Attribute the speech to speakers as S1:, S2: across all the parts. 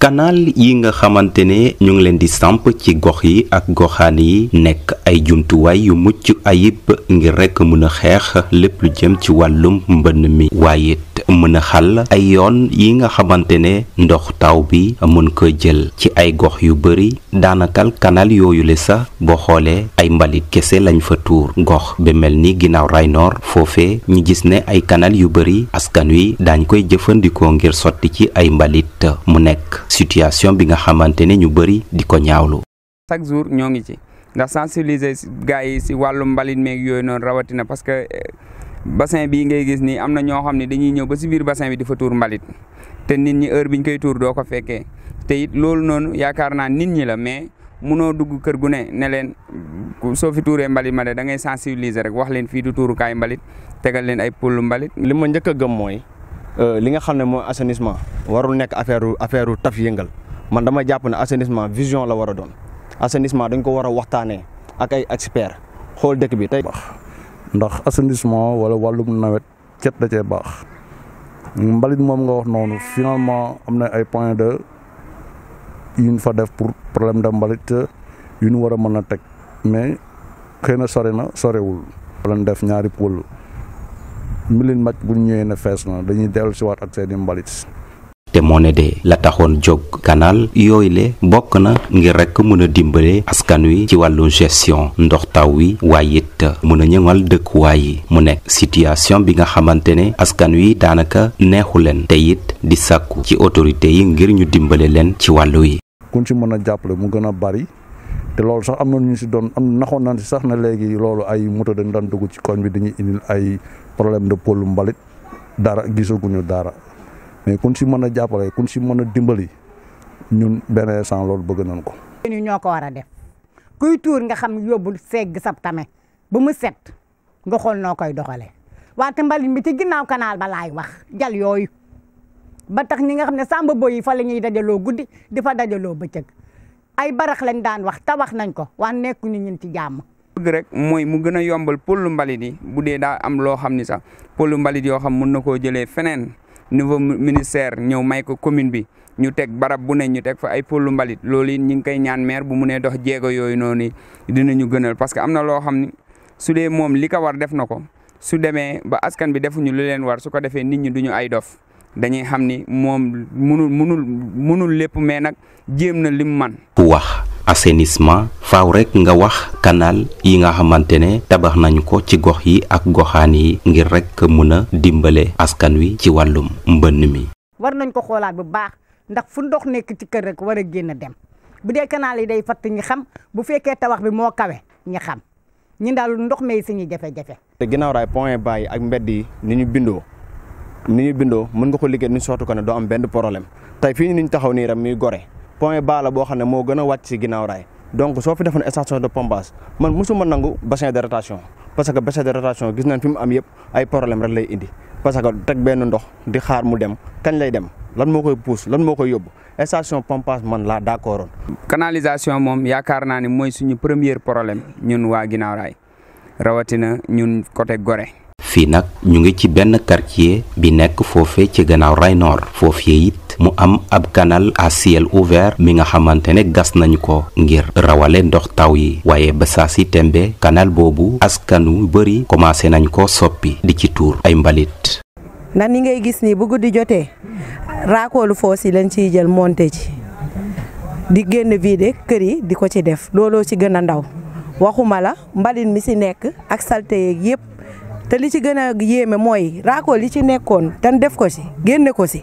S1: canal yi nga xamante ne ñu ngi leen di samp ci gox yi ak goxaan yi nekk ay jumtuwaay yu mucc ayib ngir rek mën a xeex lépp lu jëm ci wàllum mbënn mi waaye it mën a xàll ay yoon yi nga xamante ne ndox taw bi mën ko jël ci ay gox yu bari daanakal canal yooyu le sax boo xoolee ay mbalit kese lañ fa tuur gox bi mel ni ginnaaw raynoor foofe ñu gis ne ay kanal yu bari askan wi daañ koy jëfandikoo ngir sotti ci ay mbalit mu nekk situation bi nga xamante ne ñu bëri di ko ñaawlu.
S2: chaque jour ñoo ngi ci ndax sensibiliser gars yi si wàllu mbalit meeg yooyu noonu rawatina parce que eh, bassin bii ngay gis nii am na ñoo xam ne dañuy ñëw ba si biir bassin bi di fa tuur mbalit te nit ñi heure biñ koy tuur doo ko fekkee te it loolu noonu yaakaar naa nit ñi la mais. munoo dugg kër gu ne ne leen soo fi tuuree mbalit ma da ngay sensibiliser rek wax leen fii du tuurukaay mbalit tegal leen ay pullu mbalit.
S3: li ma njëkk a gëm mooy Euh, li nga xam ne mooy assainissement warul nekk affaire affaire taf yëngal man dama jàpp ne assainissement vision la war a doon assainissement dañ ko war a waxtaanee ak ay experts xool dëkk bi tey.
S4: ndax assainissement wala wàllum nawet cet da cee baax mbalit moom nga wax noonu finalement am na ay point de yu fa def pour problème de mbalit yu ñu war a mën a teg mais xëy na sore na sorewul. wala def ñaari pôle. milin màcc bu ñëwee na fees dañuy dellu si waat ak seen
S1: te moo ne de la taxoon jóg kanaal yooyule bokk na ngir rek mën a dimbale askan wi ci wàllu gestion ndox taw wi waaye it mën a ñëwal dëkkuwaay yi mu nekk situation bi nga xamante ne askan wi daanaka neexu leen te it di sàkku ci autorité yi ngir ñu dimbale leen ci wàllu yi.
S4: kuñ ci mën a jàppale mu gën a bari. te loolu sax am na ñu si doon am naxoon nañ si sax na léegi loolu ay moto dañ daan dugg ci koñ bi dañuy indil ay problème de pôle mbalit dara gisaguñu dara mais kun si mën a jàppale kun si mën a dimbali ñun benn sans loolu bëgg nañ ko.
S5: ñu ñoo ko war a def kuy tuur nga xam yóbbul segg sab tame ba mu set nga xool noo koy doxalee waate mbalit mi ci ginnaaw canal ba laay wax jal yooyu ba tax ñi nga xam ne samba boy yi fa la ñuy dajaloo guddi di fa dajaloo bëccëg ay barax lañ daan wax te wax nañ ko wan nekk nekkuñu ñun ci jàmm.
S2: rek mooy mu gën a yombal pëllu mbalit yi bu dee daa am loo xam ni sax pëllu mbalit yoo xam mun na koo jëlee feneen niveau ministère ñëw may ko commune bi ñu teg barab bu ne ñu teg fa ay pëllu mbalit loolu it ñu ngi koy ñaan maire bu mu nee dox jéego yooyu noonu dinañu gënal parce que am na loo xam ni su dee moom li ko war def na ko su demee ba askan bi defuñu lu leen war su ko defee nit ñi ñu ay dof. dañuy xam ni moom munul munul munul lépp mais nag jéem na lim man
S1: ku wax assainissement faaw rek nga wax canal yi nga xamante ne tabax nañu ko ci gox yi ak goxaan yi ngir rek mun a dimbale askan wi ci wàllum mbënn mi
S5: war nañ ko xoolaat bu baax ndax fu ndox nekk ci kër rek war a génn dem bu dee canal yi day fatt ñi xam bu fekkee tabax bi moo kawe ñi xam ñi daal ndox may suñu jafe-jafe
S3: te ginnaaw raay point bàyyi ak mbedd yi ni ñu bindoo ni ñu bindoo mën nga ko liggéey ni sootu ko ne doo am benn problème tey fii ni ñu taxaw nii rek muy gore point bas la boo xam ne moo gën a wàcc si ginnaaw raay donc soo fi defoon station de pompage man mosuma nangu bassin de rotation parce que bassin de rotation gis nañ fi mu am yëpp ay problème rek lay indi parce que teg benn ndox di xaar mu dem kañ lay dem lan moo koy pousse lan moo koy yóbbu station pompage man laa d'accord woon
S2: canalisation moom yaakaar naa ne mooy suñu premier problème ñun waa ginnaaw rawatina ñun côté Gorée
S1: fii nag ñu ngi ci benn quartier bi nekk foofe ci gannaaw raynoor Nord foofee it mu am ab kanal à ouvert mi nga xamante ne gas nañu ko ngir rawale ndox taw yi waaye ba saa si tembe canal boobu askan wu bëri commencé nañ ko soppi di ci tuur ay mbalit.
S5: ndax ni ngay gis nii bu guddi jotee raakoolu foos yi lañ ciy jël monte ci di génn vider kër yi di ko ci def looloo ci gën a ndaw waxuma la mbalit mi ci nekk ak salté yeeg yëpp. te li ci gën a yéeme mooy raakool yi ci nekkoon dan def ko si génne ko si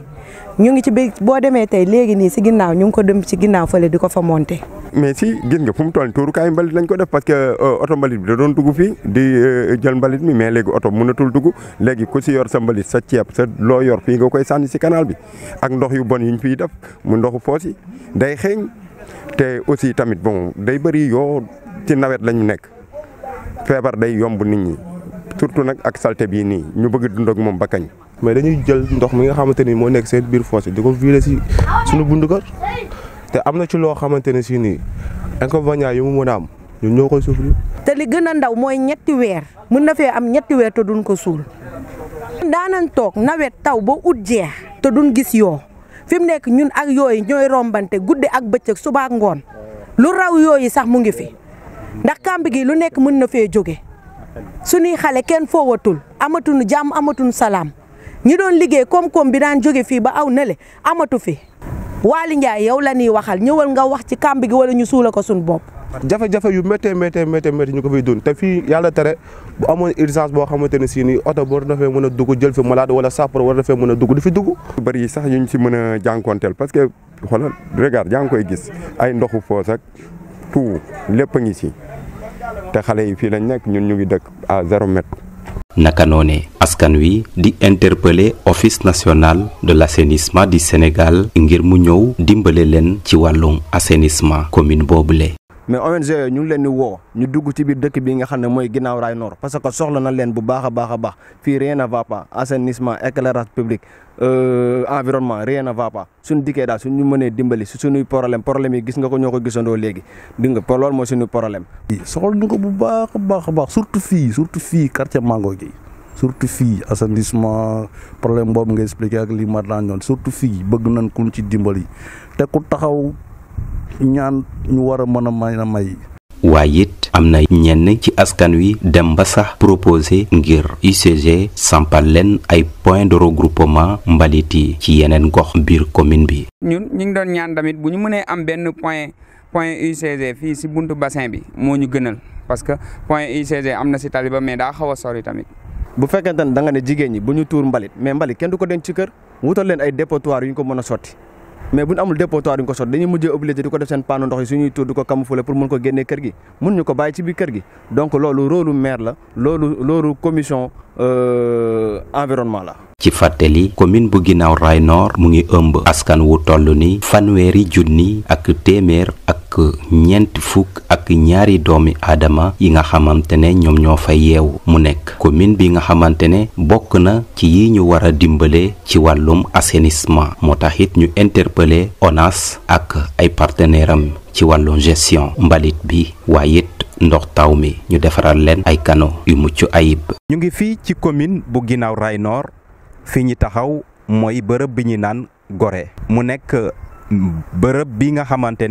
S5: ñu ngi ci bi boo demee tey léegi nii si ginnaaw ñu ngi ko dem ci ginnaaw fële di ko fa monter.
S1: mais si gis nga fu mu toll tuurukaayu mbalit lañ ko def parce euh, oto mbalit bi da doon dugg fii di euh, jël mbalit mi mais léegi oto mënatul dugg léegi ku si yor sa mbalit sa ceeb sa loo yor fii nga koy sànni si kanaal bi ak ndox yu bon yu ñu fiy def mu ndoxu foos day xeeñ te aussi tamit bon day bëri yoo ci nawet lañu nekk feebar day yomb nit ñi. surtout nag ak salte bii nii ñu bëgg dund ak moom ba kañ. mais dañuy jël ndox mi nga xamante ni moo nekk seen biir fossé di ko virer si sunu bundu kër te am na ci loo xamante ne si nii inconvénient yi mu mën a am ñun ñoo koy souffrir.
S5: te li gën a ndaw mooy ñetti weer mën na fee am ñetti weer te duñ ko suul. daanan toog nawet taw ba ut jeex te duñ gis yoo fi mu nekk ñun ak yooyu ñooy rombante guddi ak bëccëg suba ak ngoon lu raw yooyu sax mu ngi fi ndax kàmb gi lu nekk mën na fee jóge suñuy xale kenn foowatul amatuñu jàmm amatuñu salaam ñu doon liggéey koom-koom bi daan jóge fii ba aw nele amatu fi Waly Ndiaye yow la ñuy waxal ñëwal nga wax ci kàmb gi wala ñu suula ko suñu bopp. jafe-jafe yu méttee méttee méttee
S1: méttee ñu ko fiy dund te fii yàlla tere boo amoon urgence boo xamante ne si ni oto boo fee mën a dugg jël fi malade wala sapeur war dafee mën a dugg du fi dugg. bari yi sax yu ñu si mën a jànkuwanteel parce que xoolal regarde yaa ngi koy gis ay ndoxu foos ak tout lépp a ngi si. te xale yi fii lañ nekk ñu ngi dëkk à zéro mètre. naka noone askan wi di interpeller office nationale de l' assainissement du Sénégal ngir mu ñëw dimbale leen ci wàllum assainissement commune boobule.
S3: mais ONG yooyu ñu ngi leen di woo ñu dugg ci biir dëkk bi nga xam ne mooy ginnaaw raay nord parce que soxla na leen bu baax a baax a baax fii rien ne va pas assainissement éclairage public euh, environnement rien a va pas suñu dikkee daal ñu mënee dimbali si suñuy problème problème yi gis nga ko ñoo ko gisandoo léegi di nga loolu mooy suñu problème.
S4: soxla na ko bu baax a baax a baax surtout fii surtout fii quartier Mango gi surtout fii assainissement problème boobu nga expliqué li ma daan ñoon surtout fii bëgg nañ ku ñu ci dimbali ñaan ñu war a mën a may a may
S1: waaye it am na ñenn ci askan wi dem ba sax proposé ngir UCG sampal leen ay point de regroupement mbalit yi ci yeneen gox biir commune bi.
S2: ñun ñu ngi doon ñaan tamit bu ñu mënee am benn point point UCG fii si buntu bassin bi moo ñu gënal parce
S3: que point UCG am na si taliba mais daa xaw a sori tamit. bu fekkente ne da nga ne jigéen ñi bu ñu tuur mbalit mais mbalit kenn du ko dem ci kër wutal leen ay dépotoir yu ñu ko mën a sotti. mais bu ñu amul dépotoir yu ñu ko sotti dañuy mujjee obligé di ko def seen panneau ndox yi suñuy tuur di ko camoufler pour mën ko génnee kër gi mën ñu ko bàyyi ci biir kër gi donc loolu roolu maire la loolu loolu commission euh, environnement la.
S1: ci fàttali commune bu ginnaaw Rail Nord mu ngi ëmb askan wu toll ni fanweeri junni ak téeméer ak. ak ñeent fukk ak ñaari doomi aadama yi nga xamante ne ñoom ñoo fa yeewu mu nekk commune bi nga xamante ne bokk na ci yi ñu war a dimbale ci wàllum assenisement moo tax it ñu interpeller ONAS ak ay partenaire am ci wàllum gestion mbalit bi waaye it ndox taw mi ñu defaral leen ay kano yu mucc ayib. ñu ngi fii ci commune bu ginnaaw Rail Nord fii ñu taxaw mooy bërëb bi ñu naan gore mu nekk bërëb bi nga xamante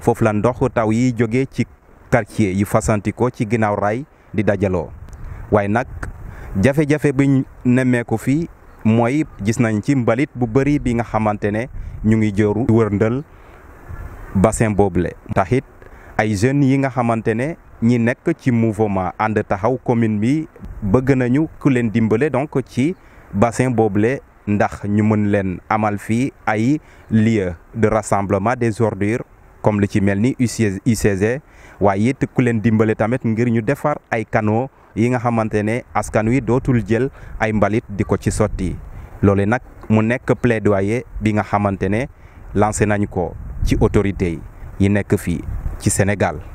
S1: foofu la ndox taw yi jóge ci quartier yu fasantikoo ci ginnaaw raay di dajaloo waaye nag jafe-jafe biñ nemmeeku fii mooy gis nañ ci mbalit bu bëri bi nga xamante ne ñu ngi jooru wërndël bassin boobule taxit ay jeunes yi nga xamante ne ñi nekk ci mouvement ànd taxaw commune bi bëgg nañu ku leen dimbale donc ci bassin boobule ndax ñu mën leen amal fii ay lieu de rassemblement des ordures comme lu ci mel ni UCG waaye it ku leen dimbale tamit ngir ñu defar ay canaux yi nga xamante ne askan wi dootul jël ay mbalit di ko ci sotti loolu nag mu nekk plaidoyer bi nga xamante ne lancé nañ ko ci autorités yi nekk fii ci Sénégal.